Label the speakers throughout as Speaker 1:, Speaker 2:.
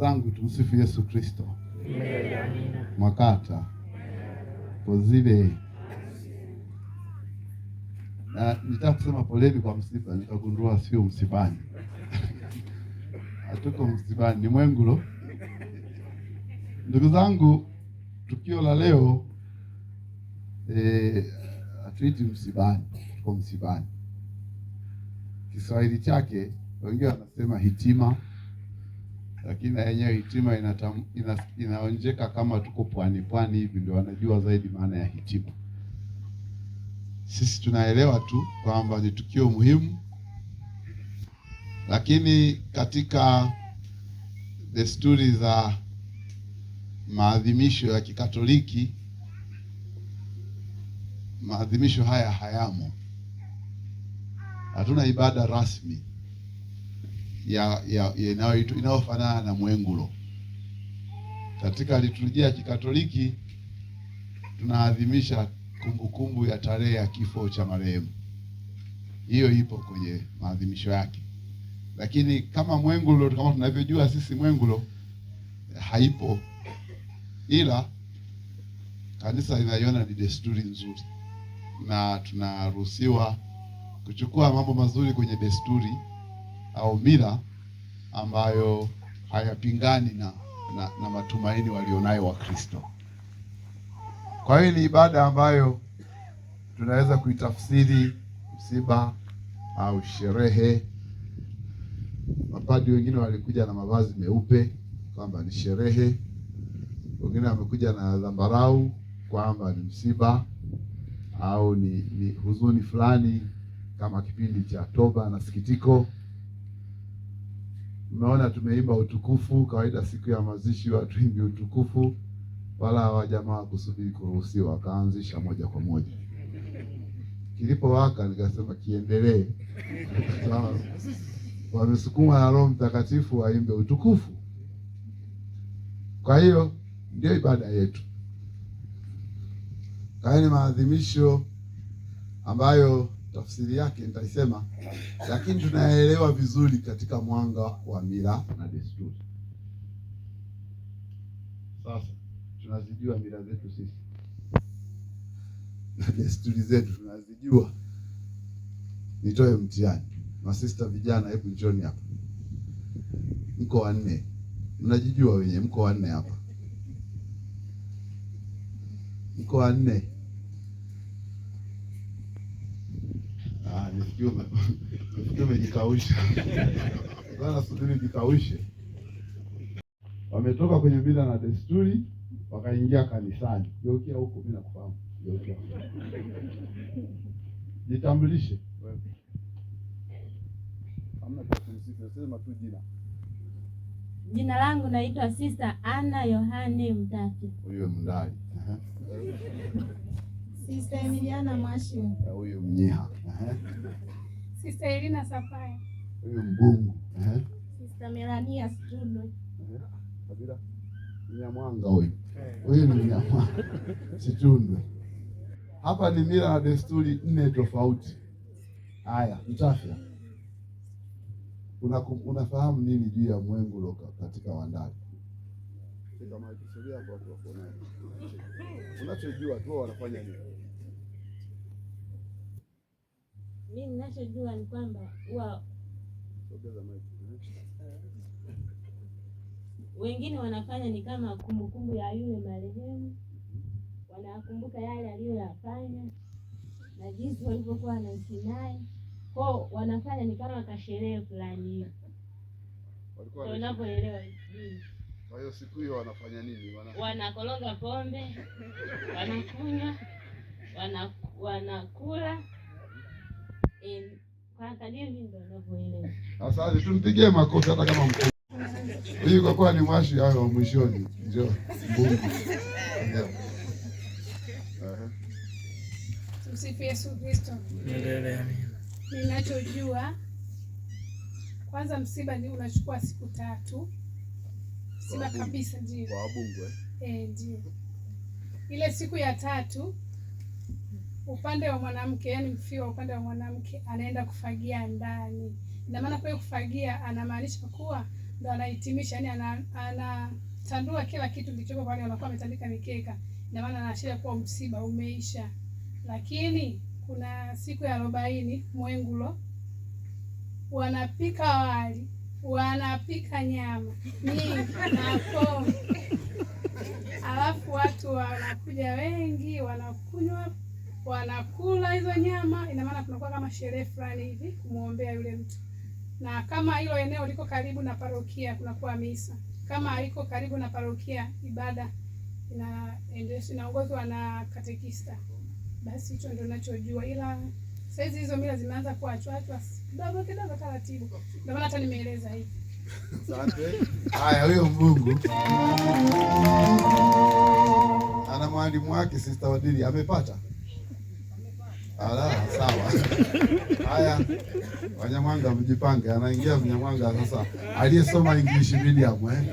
Speaker 1: zangu, tumsifu Yesu Kristo. Mwakata pozile na nitaka kusema poleni kwa msiba, nikagundua sio msibani hatuko msibani, ni Mwengulo. Ndugu zangu, tukio la leo eh, hatuiti e, msibani, tuko msibani. Kiswahili chake wengine wanasema hitima lakini na yenyewe hitima inaonjeka ina, inaonjeka kama tuko pwani pwani hivi, ndio wanajua zaidi maana ya hitima. Sisi tunaelewa tu kwamba ni tukio muhimu, lakini katika desturi za maadhimisho ya Kikatoliki maadhimisho haya hayamo, hatuna ibada rasmi ya ya inayofanana na mwengulo. Katika liturujia ya Kikatoliki tunaadhimisha kumbukumbu ya tarehe ya kifo cha marehemu, hiyo ipo kwenye maadhimisho yake, lakini kama mwengulo, kama tunavyojua sisi mwengulo haipo, ila kanisa inaiona ni desturi nzuri na tunaruhusiwa kuchukua mambo mazuri kwenye desturi au mila ambayo hayapingani na, na, na matumaini walionayo Wakristo. Kwa hiyo ni ibada ambayo tunaweza kuitafsiri msiba au sherehe. Mapadi wengine walikuja na mavazi meupe kwamba ni sherehe, wengine wamekuja na zambarau kwamba ni msiba au ni, ni huzuni fulani kama kipindi cha toba na sikitiko. Umeona tumeimba utukufu. Kawaida siku ya mazishi watu imbi utukufu, wala jamaa wakusubiri kuruhusiwa, wakaanzisha moja kwa moja. Kilipowaka nikasema kiendelee. Wamesukuma na Roho Mtakatifu waimbe utukufu. Kwa hiyo ndio ibada yetu. Haya ni maadhimisho ambayo tafsiri yake nitaisema, lakini tunaelewa vizuri katika mwanga wa mila na desturi. Sasa tunazijua mila zetu sisi na desturi zetu tunazijua. Nitoe mtihani, masista vijana, hebu njoni hapa, mko wanne, mnajijua wenye mko wanne hapa, mko wanne nafikiri jikaushe. Wametoka kwenye mila na desturi wakaingia kanisani. Geukia huko, mimi nakufahamu. Geukia jitambulishe.
Speaker 2: Jina langu naitwa Sister Anna Yohane mtatu
Speaker 1: Huyo mdai
Speaker 2: Sister Emiliana Mashim. Eh,
Speaker 1: huyu mnyiha.
Speaker 2: Sister Elina Safaya.
Speaker 1: Huyu mbungu.
Speaker 2: Sister Melania Studo.
Speaker 1: Kabila. Mnyamwanga huyu. Huyu ni Mnyamwanga. Situndwe. Hapa ni mila na desturi nne tofauti. Haya, Mtafya. Unafahamu nini juu ya mwengu katika Wandali? katika makusudio yako watu wako nayo. Unachojua tu wanafanya nini?
Speaker 3: Mimi ninachojua ni kwamba huwa wengine wanafanya ni kama kumbukumbu ya yule marehemu, mm-hmm. wanakumbuka yale aliyoyafanya na jinsi walivyokuwa wanaishi naye kwao, wanafanya ni kama kasherehe fulani hivi, unavyoelewa.
Speaker 1: Kwa hiyo siku hiyo wanafanya nini?
Speaker 3: Wanakoroga pombe, wanakunywa, wana wanakula kwa kadiri ndio wanavyoelewa.
Speaker 1: Sasa tumpigie makofi hata kama mkuu. Hii kwa kuwa ni mwashi hayo wa mwishoni. ndio Mungu.
Speaker 2: Tumsifu Yesu Kristo. Ninachojua kwanza, msiba ni unachukua siku tatu sina kabisa. Ndio
Speaker 1: kwa wabungwe
Speaker 2: eh. eh, ndio ile siku ya tatu upande wa mwanamke, yani mfiwa upande wa mwanamke anaenda kufagia ndani. Ina maana kwa kufagia anamaanisha kuwa ndo anahitimisha, yani anatandua ana, kila kitu kilichoko pale, anakuwa ametandika mikeka. Ina maana anaashiria kuwa msiba umeisha, lakini kuna siku ya arobaini mwengulo wanapika wali wanapika nyama nyingi na pombe, alafu watu wanakuja wengi, wanakunywa, wanakula hizo nyama. Ina maana kunakuwa kama sherehe fulani hivi kumwombea yule mtu, na kama hilo eneo liko karibu na parokia kunakuwa misa, kama haiko karibu na parokia ibada inaongozwa na katekista. Basi hicho ndio ninachojua, ila saizi hizo mila zimeanza kuachwaachwa Dogo kidogo taratibu. Ndio maana hata nimeeleza hivi.
Speaker 1: Asante. Haya, huyo Mungu ana mwalimu wake Sister Odili amepata. Ala, sawa. Haya. Wanyamwanga mjipange, anaingia Mnyamwanga sasa. Aliyesoma English medium eh.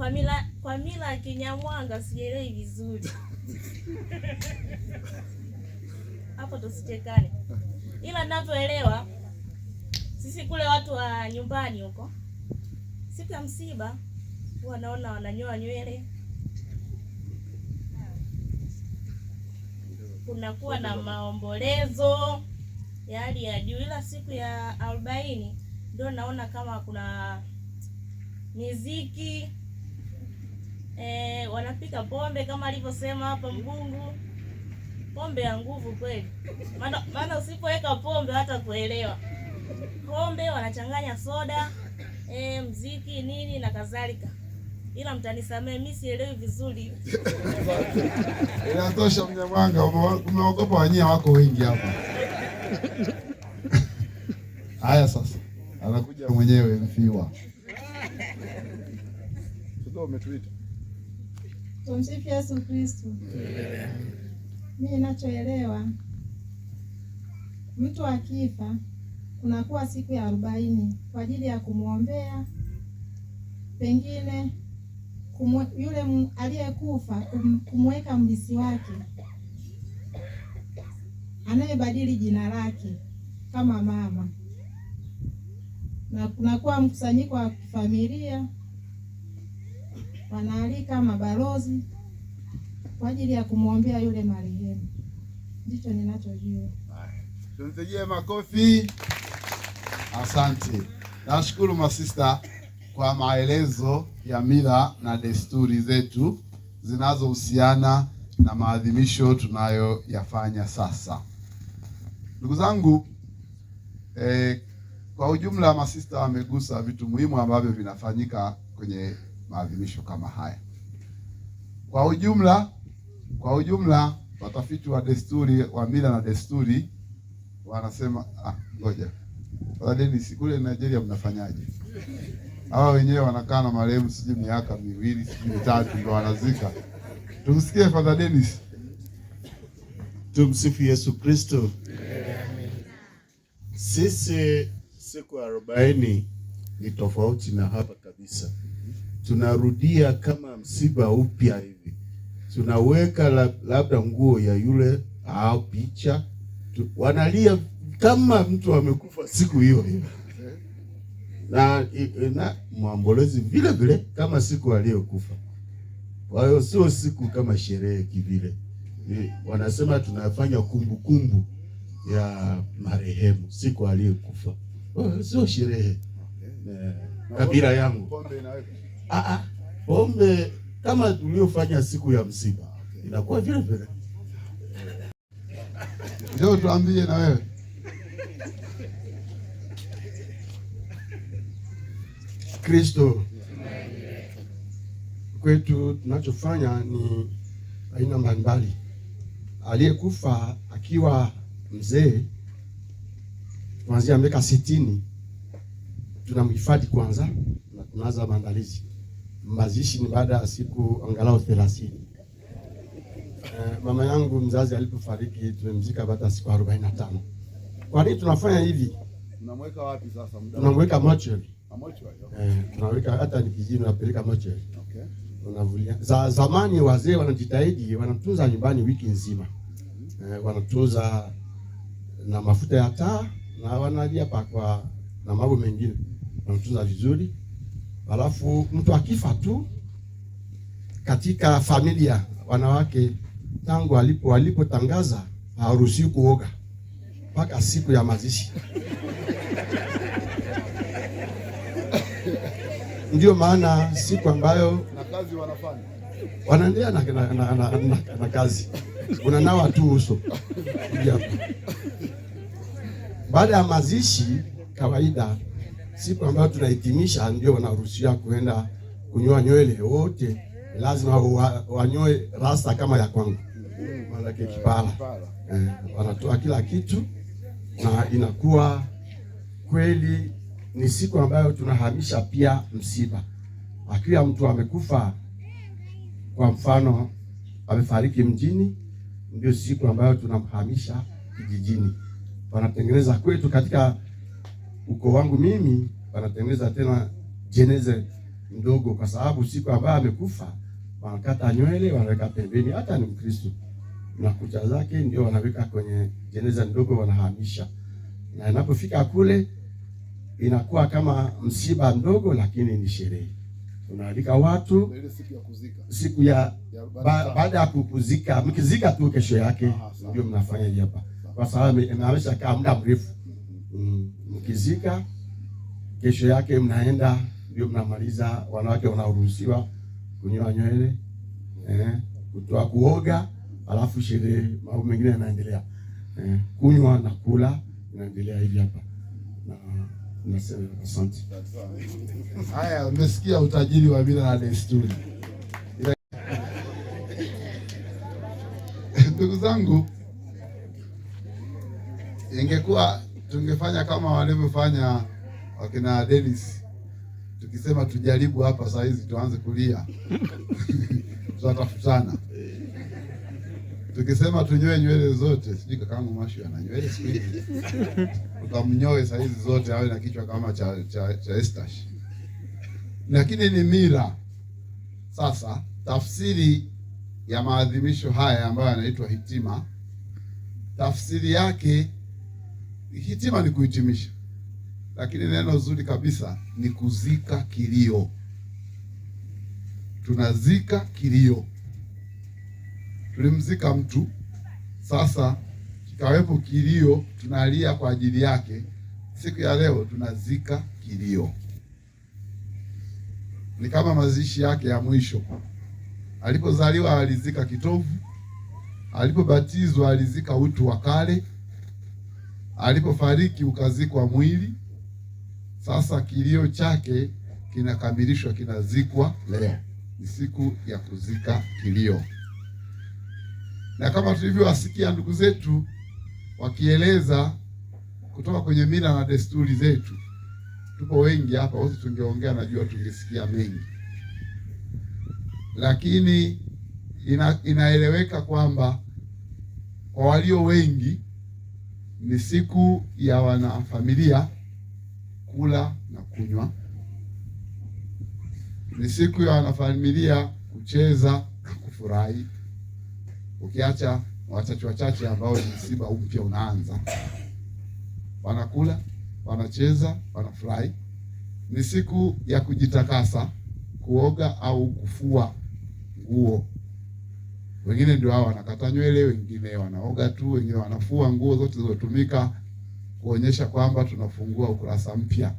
Speaker 3: Kwa mila kwa mila Kinyamwanga sielewi vizuri hapo, tusichekane, ila ninavyoelewa sisi kule watu wa nyumbani huko, siku ya msiba wanaona wananyoa nywele, kunakuwa na maombolezo ya hali ya juu, ila siku ya arobaini ndio naona kama kuna miziki eh, wanapika pombe kama alivyosema hapa Mgungu, pombe ya nguvu kweli, maana maana usipoweka pombe hata kuelewa pombe, wanachanganya soda eh, mziki nini na kadhalika, ila mtanisamee, mimi sielewi vizuri
Speaker 1: inatosha. Mnyamwanga, umeogopa wanyia wako wengi hapa. Haya, sasa anakuja mwenyewe mfiwa.
Speaker 2: Tumsifu Yesu Kristo. Mimi ninachoelewa mtu akifa kunakuwa siku ya arobaini kwa ajili ya kumwombea, pengine kumwe, yule aliyekufa kumweka mlisi wake anayebadili jina lake kama mama, na kunakuwa mkusanyiko wa kifamilia wanaalika mabalozi kwa ajili ya kumwombea yule marehemu. Ndicho ninachojua.
Speaker 1: Tumpigie makofi. Asante, nashukuru masista kwa maelezo ya mila na desturi zetu zinazohusiana na maadhimisho tunayoyafanya sasa. Ndugu zangu, eh, kwa ujumla masista wamegusa vitu muhimu ambavyo vinafanyika kwenye maadhimisho kama haya. Kwa ujumla, kwa ujumla watafiti wa desturi wa mila na desturi wanasema ah, ngoja Dennis, kule Nigeria mnafanyaje? Hawa wenyewe wanakaa na marehemu sijui miaka miwili sijui mitatu ndo wanazika. Tumsikie Father Dennis.
Speaker 4: Tumsifu Yesu Kristo. Sisi siku arobaini ni tofauti na hapa kabisa tunarudia kama msiba upya hivi, tunaweka labda nguo ya yule au picha, wanalia kama mtu amekufa siku hiyo hiyo na, na mwambolezi vile vile kama siku aliyokufa. Kwa hiyo sio siku kama sherehe kivile, wanasema tunafanya kumbukumbu -kumbu ya marehemu siku aliyokufa, sio sherehe. Eh, kabila yangu Ah, ah. ombe kama tuliofanya siku ya msiba inakuwa vile vile.
Speaker 1: Leo tuambie na wewe
Speaker 5: Kristo kwetu, tunachofanya ni aina mbalimbali. Aliyekufa akiwa mzee kuanzia miaka sitini tunamhifadhi kwanza na tunaanza maandalizi mazishi ni baada ya siku angalau 30. Eh, mama yangu mzazi alipofariki tumemzika baada ya siku 45. Kwa nini tunafanya hivi?
Speaker 1: Tunamweka wapi sasa mdada?
Speaker 5: Tunamweka mochari. Ah, eh, tunaweka hata ni kijiji tunapeleka Okay. Unavulia. Za zamani wazee wanajitahidi wanatunza nyumbani wiki nzima. Eh, wanatunza na mafuta ya taa na wanalia pakwa na mambo mengine. Wanatunza vizuri. Alafu mtu akifa tu katika familia, wanawake tangu alipo walipotangaza haruhusiwi kuoga mpaka siku ya mazishi. ndio maana siku ambayo na kazi wanaendelea na, na, na, na, na, na kazi, unanawa tu uso. Baada ya mazishi kawaida siku ambayo tunahitimisha ndio wanaruhusiwa kuenda kunyoa nywele. Wote lazima wanyoe rasta kama ya kwangu, maanake kipara eh, wanatoa kila kitu na inakuwa kweli ni siku ambayo tunahamisha pia msiba. Akiwa mtu amekufa, kwa mfano amefariki mjini, ndio siku ambayo tunamhamisha kijijini, wanatengeneza kwetu katika ukoo wangu mimi wanatengeneza tena jeneze ndogo, kwa sababu siku ambayo amekufa wanakata nywele wanaweka pembeni, hata ni Mkristo na kucha zake ndio wanaweka kwenye jeneza ndogo, wanahamisha na inapofika kule inakuwa kama msiba mdogo, lakini ni sherehe. Unaalika watu siku ya baada ya kukuzika, mkizika tu kesho yake ndio mnafanya hapa, kwa sababu ameshakaa muda mrefu mkizika, kesho yake mnaenda ndio mnamaliza. Wanawake wanaruhusiwa kunyoa nywele eh, kutoa kuoga, alafu sherehe, mambo mengine yanaendelea eh, kunywa na kula inaendelea hivi hapa na nasema asante.
Speaker 1: Haya, umesikia utajiri wa mila na desturi. Ndugu zangu, ingekuwa tungefanya kama walivyofanya wakina Dennis, tukisema tujaribu hapa saa hizi tuanze kulia tutatafutana. Tukisema tunyoe nywele zote, sijui kakaangu Mashu ana nywele siku utamnyoe saa hizi zote awe na kichwa kama cha, cha, cha Estash, lakini ni mira Sasa tafsiri ya maadhimisho haya ambayo yanaitwa hitima, tafsiri yake Hitima ni kuhitimisha, lakini neno zuri kabisa ni kuzika kilio. Tunazika kilio. Tulimzika mtu, sasa kikawepo kilio, tunalia kwa ajili yake. Siku ya leo tunazika kilio, ni kama mazishi yake ya mwisho. Alipozaliwa alizika kitovu, alipobatizwa alizika utu wa kale alipofariki ukazikwa mwili. Sasa kilio chake kinakamilishwa, kinazikwa leo. Ni siku ya kuzika kilio, na kama tulivyowasikia ndugu zetu wakieleza kutoka kwenye mila na desturi zetu. Tupo wengi hapa, wote tungeongea, najua tungesikia mengi, lakini ina, inaeleweka kwamba kwa walio wengi ni siku ya wanafamilia kula na kunywa, ni siku ya wanafamilia kucheza na kufurahi, ukiacha wachache wachache ambao ni msiba mpya unaanza. Wanakula, wanacheza, wanafurahi. Ni siku ya kujitakasa, kuoga au kufua nguo wengine ndio hao wanakata nywele, wengine wanaoga tu, wengine wanafua nguo zote zilizotumika kuonyesha kwamba tunafungua ukurasa mpya.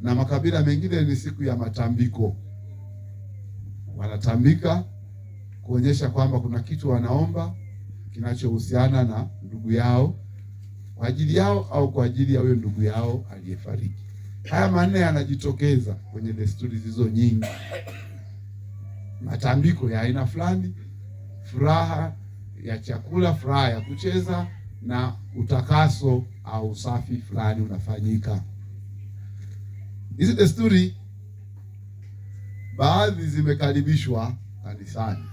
Speaker 1: Na makabila mengine ni siku ya matambiko, wanatambika kuonyesha kwamba kuna kitu wanaomba kinachohusiana na ndugu yao kwa ajili yao au kwa ajili ya huyo ndugu yao aliyefariki. Haya manne yanajitokeza kwenye desturi zilizo nyingi, matambiko ya aina fulani furaha ya chakula, furaha ya kucheza na utakaso au usafi fulani unafanyika. Hizi desturi baadhi zimekaribishwa kanisani,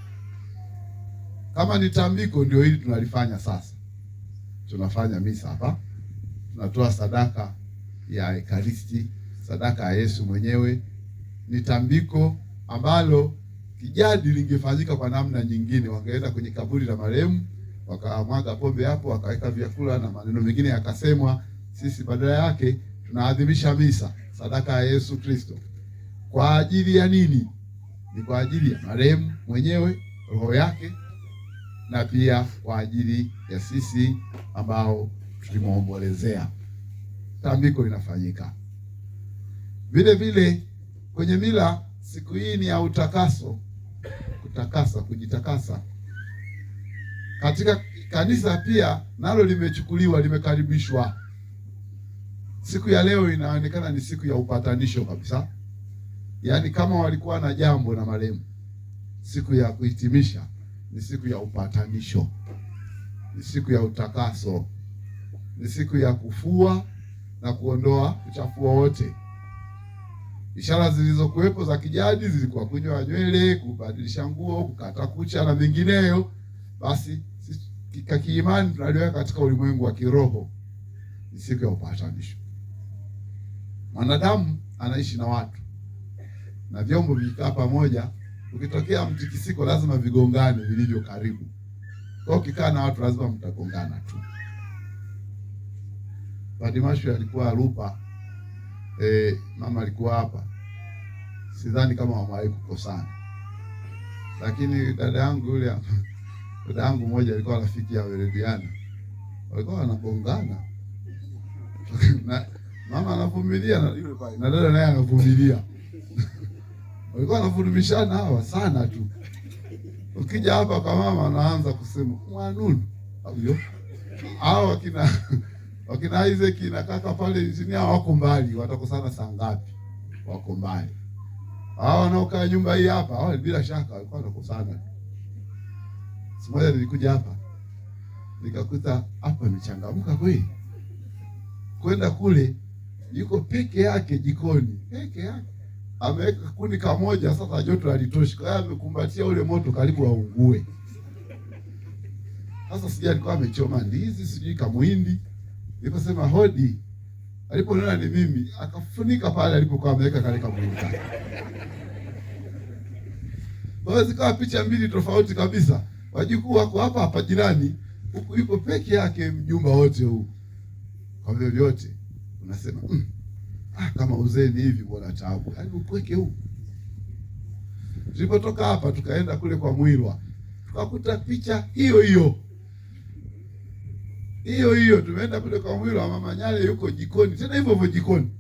Speaker 1: kama ni tambiko, ndio hili tunalifanya sasa. Tunafanya misa hapa, tunatoa sadaka ya Ekaristi, sadaka ya Yesu mwenyewe. Ni tambiko ambalo kijadi lingefanyika kwa namna nyingine, wangeenda kwenye kaburi la marehemu wakamwaga pombe hapo, wakaweka vyakula na maneno mengine yakasemwa. Sisi badala yake tunaadhimisha misa, sadaka ya Yesu Kristo. Kwa ajili ya nini? Ni kwa ajili ya marehemu mwenyewe, roho yake, na pia kwa ajili ya sisi ambao tulimwombolezea. Tambiko linafanyika vile vile. Kwenye mila siku hii ni ya utakaso kutakasa, kujitakasa. Katika kanisa pia nalo limechukuliwa, limekaribishwa. Siku ya leo inaonekana ni siku ya upatanisho kabisa, yaani kama walikuwa na jambo na marehemu, siku ya kuhitimisha ni siku ya upatanisho, ni siku ya utakaso, ni siku ya kufua na kuondoa uchafu wote. Ishara zilizokuwepo za kijadi zilikuwa kunywa nywele, kubadilisha nguo, kukata kucha na vingineyo. Basi kika kiimani tunaliweka katika ulimwengu wa kiroho, ni siku ya upatanisho. Mwanadamu anaishi na watu na vyombo vikikaa pamoja, ukitokea mtikisiko lazima vigongane vilivyo karibu. Kwa ukikaa na watu lazima mtagongana tu. Padmashu alikuwa Lupa eh, mama alikuwa hapa, sidhani kama wamewahi kukosana, lakini dada yangu yule, dada yangu mmoja alikuwa rafiki ya Werediana, walikuwa wanagongana na mama anavumilia na yule pale na dada naye anavumilia walikuwa wanafurumishana hawa sana tu. Ukija hapa kwa mama anaanza kusema mwanunu, au hawa kina wakina Isaac na kaka pale injinia wako mbali, watakosana saa ngapi? Wako mbali. Hawa wanaokaa nyumba hii hapa, hao bila shaka walikuwa wanakosana. Simoja nilikuja hapa nikakuta hapa imechangamka kweli, kwenda kule yuko peke yake jikoni, peke yake ameweka kuni kamoja. Sasa joto halitoshi, kwa hiyo amekumbatia ule moto karibu aungue. Sasa sijui alikuwa amechoma ndizi, sijui kamuhindi Niliposema hodi, aliponiona ni mimi, akafunika pale alipokuwa ameweka kale kaburi lake. Basi zikawa picha mbili tofauti kabisa. Wajukuu wako hapa hapa jirani, huku yuko peke yake, mjumba wote huu. Kwa vile vyote unasema mm, ah, kama uzee ni hivi bwana taabu. Yaani Karibu kweke huu. Tulipotoka hapa tukaenda kule kwa Mwirwa. Tukakuta picha hiyo hiyo hiyo hiyo, tumeenda kule kwa mwili wa mama Nyale, yuko jikoni tena hivyo hivyo jikoni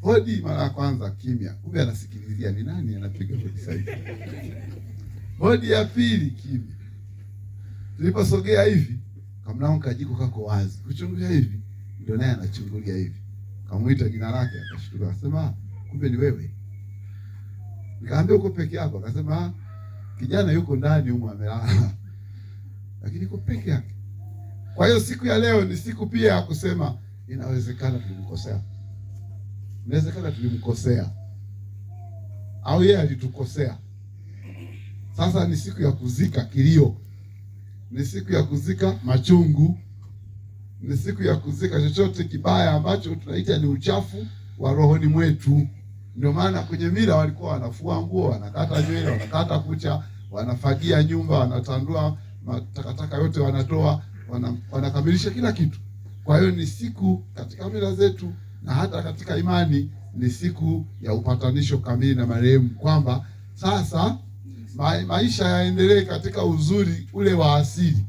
Speaker 1: hodi. Mara ya kwanza kimya, kumbe anasikilizia ni nani anapiga hodi sahihi. Hodi ya pili kimya. Tuliposogea hivi, kamnao kajiko kako wazi, kuchungulia hivi, ndio naye anachungulia hivi, kamwita jina lake, akashtuka, akasema kumbe ni wewe. Nikaambia uko peke yako? Akasema ah, kijana yuko ndani humo amelala, lakini uko peke yake kwa hiyo siku ya leo ni siku pia ya kusema inawezekana tulimkosea, inawezekana tulimkosea au yeye alitukosea. Sasa ni siku ya kuzika kilio, ni siku ya kuzika machungu, ni siku ya kuzika chochote kibaya ambacho tunaita ni uchafu wa rohoni mwetu. Ndio maana kwenye mila walikuwa wanafua nguo, wanakata nywele, wanakata kucha, wanafagia nyumba, wanatandua matakataka yote wanatoa wana, wanakamilisha kila kitu. Kwa hiyo ni siku katika mila zetu na hata katika imani ni siku ya upatanisho kamili na marehemu, kwamba sasa ma, maisha yaendelee katika uzuri ule wa asili,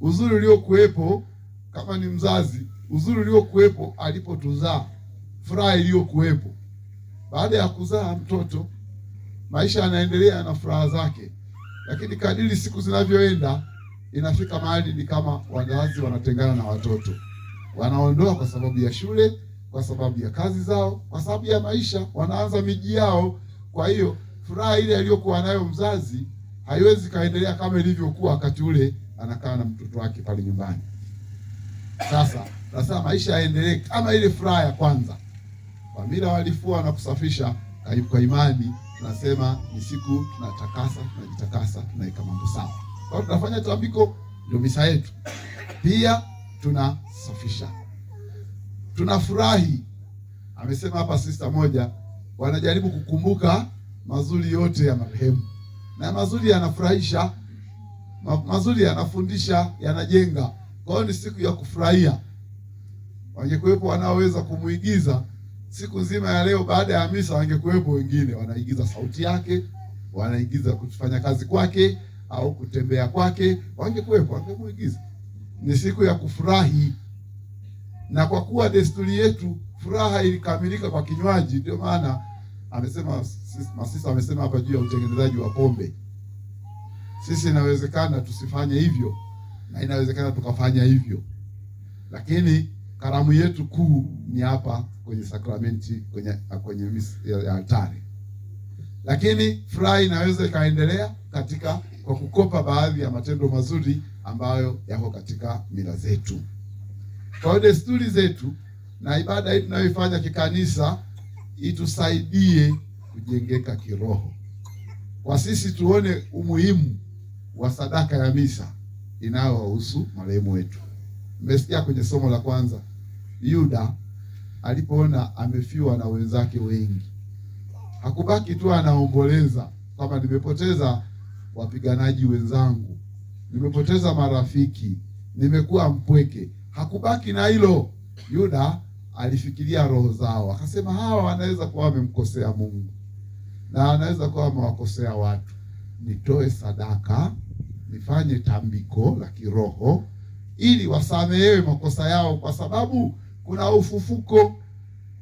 Speaker 1: uzuri uliokuwepo kama ni mzazi, uzuri uliokuwepo alipotuzaa, furaha iliyokuwepo baada ya kuzaa mtoto, maisha yanaendelea na furaha zake, lakini kadiri siku zinavyoenda inafika mahali ni kama wazazi wanatengana na watoto, wanaondoa kwa sababu ya shule, kwa sababu ya kazi zao, kwa sababu ya maisha, wanaanza miji yao. Kwa hiyo furaha ile aliyokuwa nayo mzazi haiwezi kaendelea kama ilivyokuwa wakati ule anakaa na mtoto wake pale nyumbani. Sasa nasema maisha yaendelee kama ile furaha ya kwanza. Pamila walifua na kusafisha kwa imani, tunasema ni siku tunatakasa, tunajitakasa, tunaweka mambo sawa. Kwa hiyo tunafanya tambiko, ndio misa yetu. Pia tunasafisha, tunafurahi. Amesema hapa sista moja, wanajaribu kukumbuka mazuri yote ya marehemu, na mazuri yanafurahisha, mazuri yanafundisha, yanajenga. Kwa hiyo ni siku ya kufurahia. Wangekuwepo wanaoweza kumuigiza siku nzima ya leo, baada ya misa wangekuwepo wengine wanaigiza sauti yake, wanaigiza kufanya kazi kwake au kutembea kwake, wangekuwepo, wangemuigiza. Ni siku ya kufurahi, na kwa kuwa desturi yetu furaha ilikamilika kwa kinywaji, ndio maana amesema Masisa amesema hapa juu ya utengenezaji wa pombe. Sisi inawezekana tusifanye hivyo na inawezekana tukafanya hivyo, lakini karamu yetu kuu ni hapa kwenye sakramenti, kwenye kwenye misa ya altari. Lakini furaha inaweza ikaendelea katika kwa kukopa baadhi ya matendo mazuri ambayo yako katika mila zetu. Kwa hiyo desturi zetu na ibada hii tunayoifanya kikanisa itusaidie kujengeka kiroho, kwa sisi tuone umuhimu wa sadaka ya misa inayowahusu marehemu wetu. Mmesikia kwenye somo la kwanza, Yuda alipoona amefiwa na wenzake wengi, hakubaki tu anaomboleza kwamba nimepoteza wapiganaji wenzangu, nimepoteza marafiki, nimekuwa mpweke. Hakubaki na hilo, Yuda alifikiria roho zao, akasema hawa wanaweza kuwa wamemkosea Mungu na wanaweza kuwa wamewakosea watu, nitoe sadaka, nifanye tambiko la kiroho ili wasamehewe makosa yao, kwa sababu kuna ufufuko,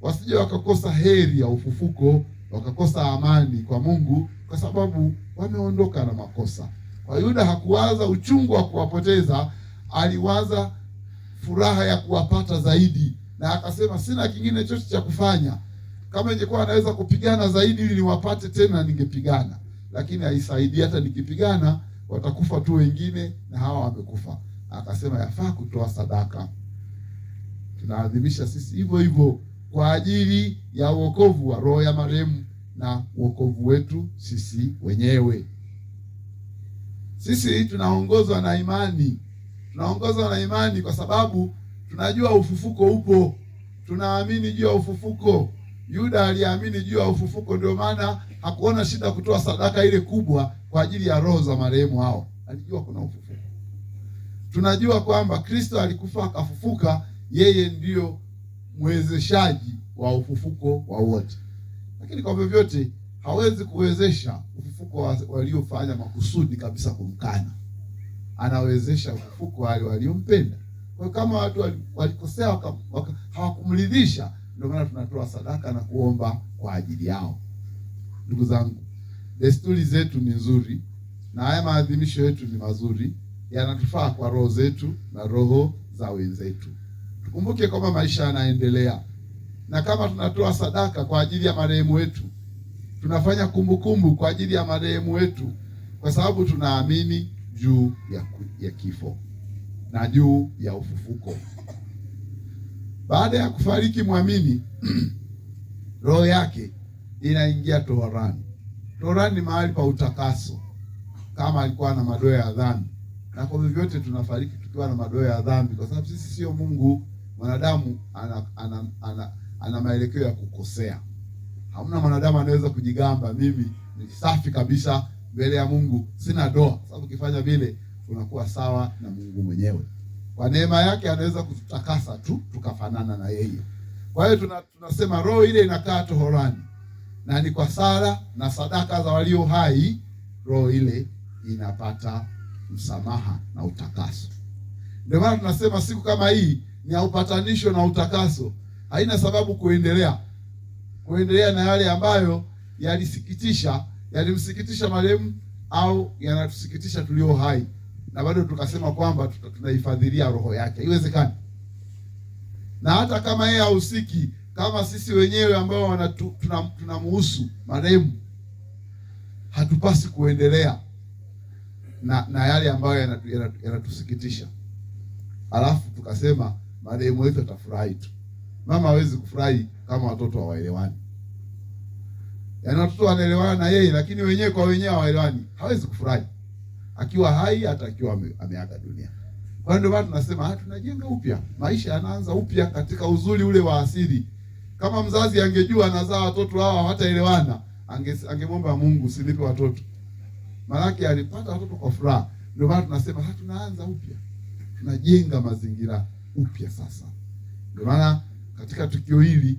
Speaker 1: wasije wakakosa heri ya ufufuko, wakakosa amani kwa Mungu kwa sababu wameondoka na makosa. Kwa Yuda hakuwaza uchungu wa kuwapoteza, aliwaza furaha ya kuwapata zaidi, na akasema sina kingine chochote cha kufanya. Kama ingekuwa anaweza kupigana zaidi ili niwapate tena, ningepigana, lakini haisaidii. Hata nikipigana watakufa tu wengine, na hawa wamekufa. Akasema yafaa kutoa sadaka. Tunaadhimisha sisi hivyo hivyo kwa ajili ya uokovu wa roho ya marehemu na wokovu wetu sisi wenyewe. Sisi tunaongozwa na imani, tunaongozwa na imani kwa sababu tunajua ufufuko upo, tunaamini juu ya ufufuko. Yuda aliamini juu ya ufufuko, ndio maana hakuona shida kutoa sadaka ile kubwa kwa ajili ya roho za marehemu hao. Alijua kuna ufufuko. Tunajua kwamba Kristo alikufa akafufuka, yeye ndiyo mwezeshaji wa ufufuko wa wote lakini kwa vyovyote hawezi kuwezesha ufufuko waliofanya makusudi kabisa kumkana, anawezesha ufufuko wale waliompenda. Kwa hiyo kama watu walikosea hawakumridhisha, ndio maana tunatoa sadaka na kuomba kwa ajili yao. Ndugu zangu, desturi zetu ni nzuri na haya maadhimisho yetu ni mazuri, yanatufaa kwa roho zetu na roho za wenzetu. Tukumbuke kwamba maisha yanaendelea na kama tunatoa sadaka kwa ajili ya marehemu wetu, tunafanya kumbukumbu kumbu kwa ajili ya marehemu wetu, kwa sababu tunaamini juu ya, ya kifo na juu ya ufufuko. Baada ya kufariki mwamini roho yake inaingia toharani. Toharani ni mahali pa utakaso, kama alikuwa na madoa ya dhambi, na kwa vyovyote tunafariki tukiwa na madoa ya dhambi, kwa sababu sisi sio Mungu. Mwanadamu ana, ana, ana, ana maelekeo ya kukosea. Hamna mwanadamu anaweza kujigamba mimi ni safi kabisa mbele ya Mungu, sina doa, sababu ukifanya vile unakuwa sawa na Mungu mwenyewe. Kwa neema yake anaweza kututakasa tu tukafanana na yeye. Kwa hiyo tuna, tunasema roho ile inakaa tohorani na ni kwa sala na sadaka za walio hai roho ile inapata msamaha na utakaso. Ndio maana tunasema siku kama hii ni ya upatanisho na utakaso haina sababu kuendelea kuendelea na yale ambayo yalisikitisha yalimsikitisha marehemu au yanatusikitisha tulio hai, na bado tukasema kwamba tunaifadhilia roho yake. Haiwezekani. Na hata kama yeye hahusiki, kama sisi wenyewe ambao tunamhusu tuna marehemu, hatupasi kuendelea na, na yale ambayo yanatusikitisha alafu tukasema marehemu wetu atafurahi tu. Mama hawezi kufurahi kama watoto hawaelewani. Yaani watoto wanaelewana na yeye, lakini wenyewe kwa wenyewe hawaelewani, hawezi kufurahi akiwa hai, hata akiwa ameaga dunia. Kwa hiyo ndio maana tunasema ah, tunajenga upya, maisha yanaanza upya katika uzuri ule wa asili. Kama mzazi angejua anazaa watoto hawa hawataelewana, angemwomba ange Mungu, usinipe watoto. Malaki alipata watoto kwa furaha. Ndio maana tunasema ah, tunaanza upya, tunajenga mazingira upya sasa, ndio maana katika tukio hili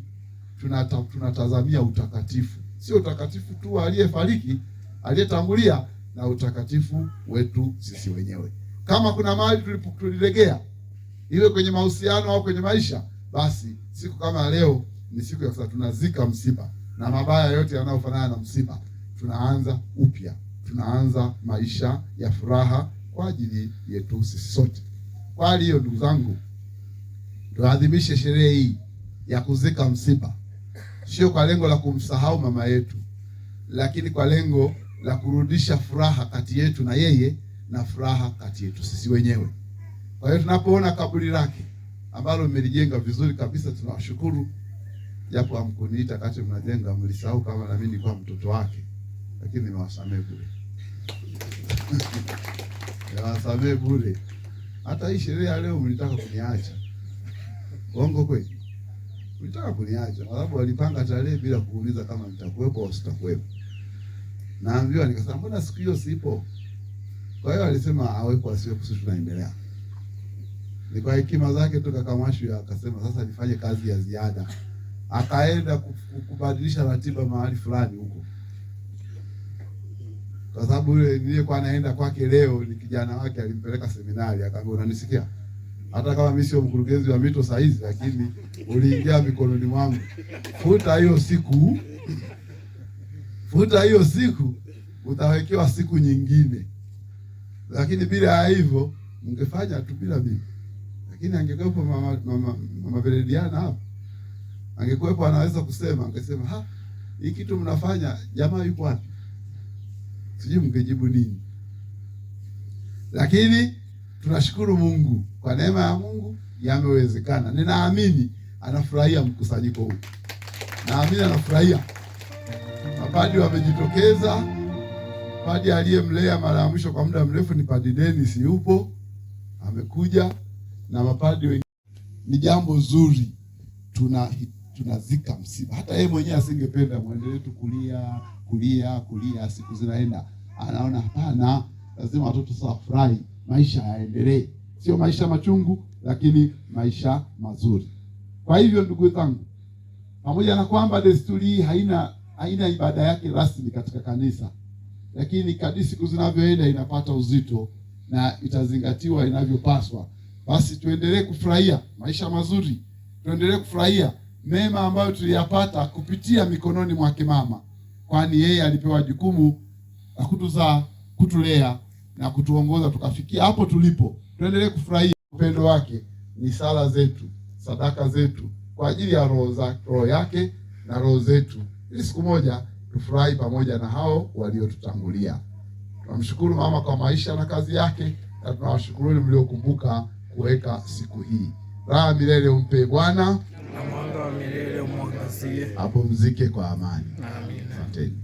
Speaker 1: tunata, tunatazamia utakatifu, sio utakatifu tu aliyefariki aliyetangulia, na utakatifu wetu sisi wenyewe. Kama kuna mahali tulilegea, iwe kwenye mahusiano au kwenye maisha, basi siku kama leo ni siku ya tunazika msiba na mabaya yote yanayofanana na msiba. Tunaanza upya, tunaanza maisha ya furaha kwa ajili yetu sisi sote. Kwa hiyo ndugu zangu, tuadhimishe sherehe hii ya kuzika msiba, sio kwa lengo la kumsahau mama yetu, lakini kwa lengo la kurudisha furaha kati yetu na yeye na furaha kati yetu sisi wenyewe. Kwa hiyo tunapoona kaburi lake ambalo mmelijenga vizuri kabisa, tunawashukuru japo hamkuniita kati mnajenga, mlisahau kama nami nilikuwa mtoto wake, lakini nimewasamehe bure nimewasamehe bure. Hata hii sherehe ya leo mlitaka kuniacha, uongo kweli? Ulitaka kuniacha kwa sababu walipanga tarehe bila kuuliza kama nitakuwepo au sitakuwepo. Naambiwa nikasema mbona siku hiyo sipo? Kwa hiyo alisema awepo asiwe kusi tunaendelea. Ni kwa hekima zake tu kaka Mwashi akasema sasa nifanye kazi ya ziada. Akaenda kubadilisha ratiba mahali fulani huko. Kwa sababu yule niliyekuwa anaenda kwake leo ni kijana wake alimpeleka seminari akaambia unanisikia? hata kama mimi sio mkurugenzi wa mito saa hizi, lakini uliingia mikononi mwangu. Futa hiyo siku, futa hiyo siku, utawekewa siku nyingine. Lakini bila ya hivyo mngefanya tu bila mimi, lakini angekuwepo mama, mama, mama Benediana hapa, angekuwepo anaweza kusema, angesema ha, hii kitu mnafanya, jamaa yuko wapi? Sijui mngejibu nini, lakini Tunashukuru Mungu kwa neema ya Mungu yamewezekana. Ninaamini anafurahia mkusanyiko huu, naamini anafurahia. Mapadi wamejitokeza. Padi aliyemlea mara ya mwisho kwa muda mrefu ni Padi Dennis, yupo amekuja na mapadi wengine. Ni jambo zuri, tuna tunazika msiba. Hata yeye mwenyewe asingependa mwendelee tu kulia kulia kulia, siku zinaenda, anaona hapana, lazima watoto sasa wafurahi maisha yaendelee, sio maisha machungu, lakini maisha mazuri. Kwa hivyo ndugu zangu, pamoja na kwamba desturi hii haina haina ibada yake rasmi katika kanisa, lakini kadri siku zinavyoenda inapata uzito na itazingatiwa inavyopaswa. Basi tuendelee kufurahia maisha mazuri, tuendelee kufurahia mema ambayo tuliyapata kupitia mikononi mwake mama, kwani yeye alipewa jukumu la kutuzaa, kutulea na kutuongoza tukafikia hapo tulipo. Tuendelee kufurahia upendo wake, ni sala zetu, sadaka zetu kwa ajili ya roho yake na roho zetu, ili siku moja tufurahi pamoja na hao waliotutangulia. Tunamshukuru mama kwa maisha na kazi yake, na tunawashukuruni mliokumbuka kuweka siku hii. Raha milele umpe Bwana,
Speaker 6: na mwanga wa milele umwangazie,
Speaker 1: apumzike kwa amani.
Speaker 6: Amina. Asanteni.